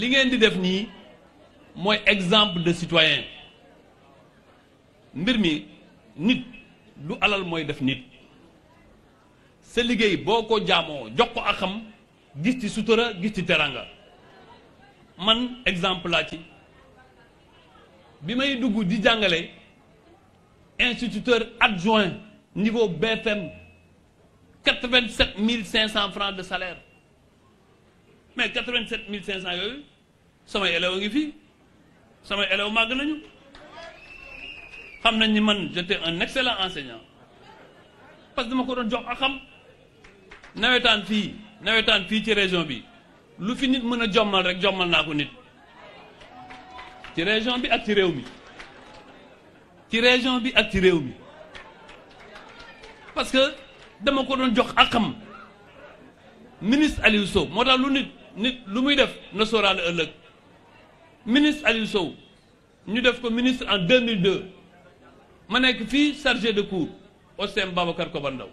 li ngeen di def nii mooy exemple de citoyen mbir mi nit du alal mooy def nit sa liggéey boo ko jaamoo jox ko ak xam gis ci sutura gis ci teranga man exemple laa ci bi may dugg di jàngale instituteur adjoint niveau BFM quatre-vingt-sept mille cinq cents francs de salaire mais 87 500 yooyu samay élèves a ngi fii samay élèves màgg nañu xam nañ ni man j'étais un excellent enseignant parce que dama ko doon jox ak xam nawetaan fii nawetaan fii ci région bi lu fi nit mën a jommal rek jommal naa ko nit ci région bi ak ci réew mi ci région bi ak ci réew mi parce que dama ko doon jox ak xam ministre Aliou Sow moo tax lu nit nit lu muy def na ëllëg ministre Aliou Sow ñu def ko ministre en 2002 ma nekk fii chargé de cours au CEM Babacar Koba Ndaw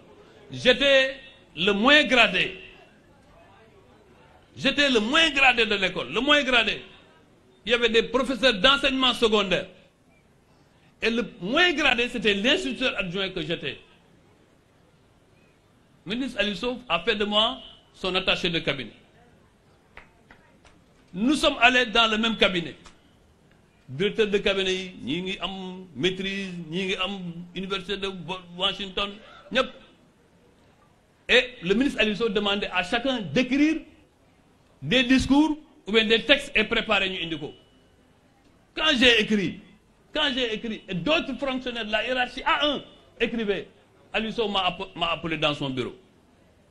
j'étais le moins gradé j'étais le moins gradé de l'école le moins gradé il y avait des professeurs d'enseignement secondaire et le moins gradé c'était l'instituteur adjoint que j'étais ministre Aliou Sow a fait de moi son attaché de cabinet nous sommes allés dans le même cabinet directeur de cabinet yi ñii ngi am maîtrise ñii ngi am université de Washington ñëpp et le ministre Aliou Sow demandait à chacun d'écrire des discours ou bien des textes et préparer ñu indi ko quand j'ai écrit quand j'ai écrit et d'autres fonctionnaires de la hiérarchie a un écrivaient Aliou Sow m'a appelé dans son bureau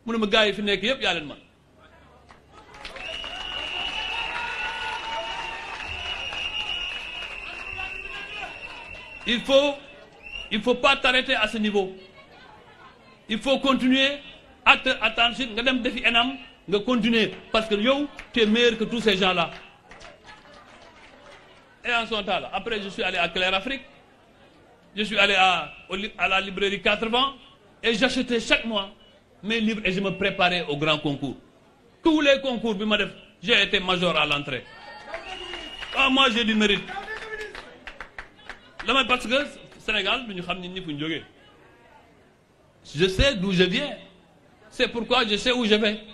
mu ma gars yi fi nekk yëpp yaa ma il faut il faut pas t'arrêter à ce niveau il faut continuer acte attention nga dem defi ENAM nga continuer parce que yow tu es meilleur que tous ces gens là et en son temps après je suis allé à Claire Afrique je suis allé à à la librairie 80 et j'achetais chaque mois mais livres et je me préparais au grand concours tous les concours bi ma def j'ai été major à l'entrée ah moi j'ai du mérite damay parce que Sénégal du ñu xam nit ñi fu ñu jógee je sais d'où je viens c'est pourquoi je sais où je vais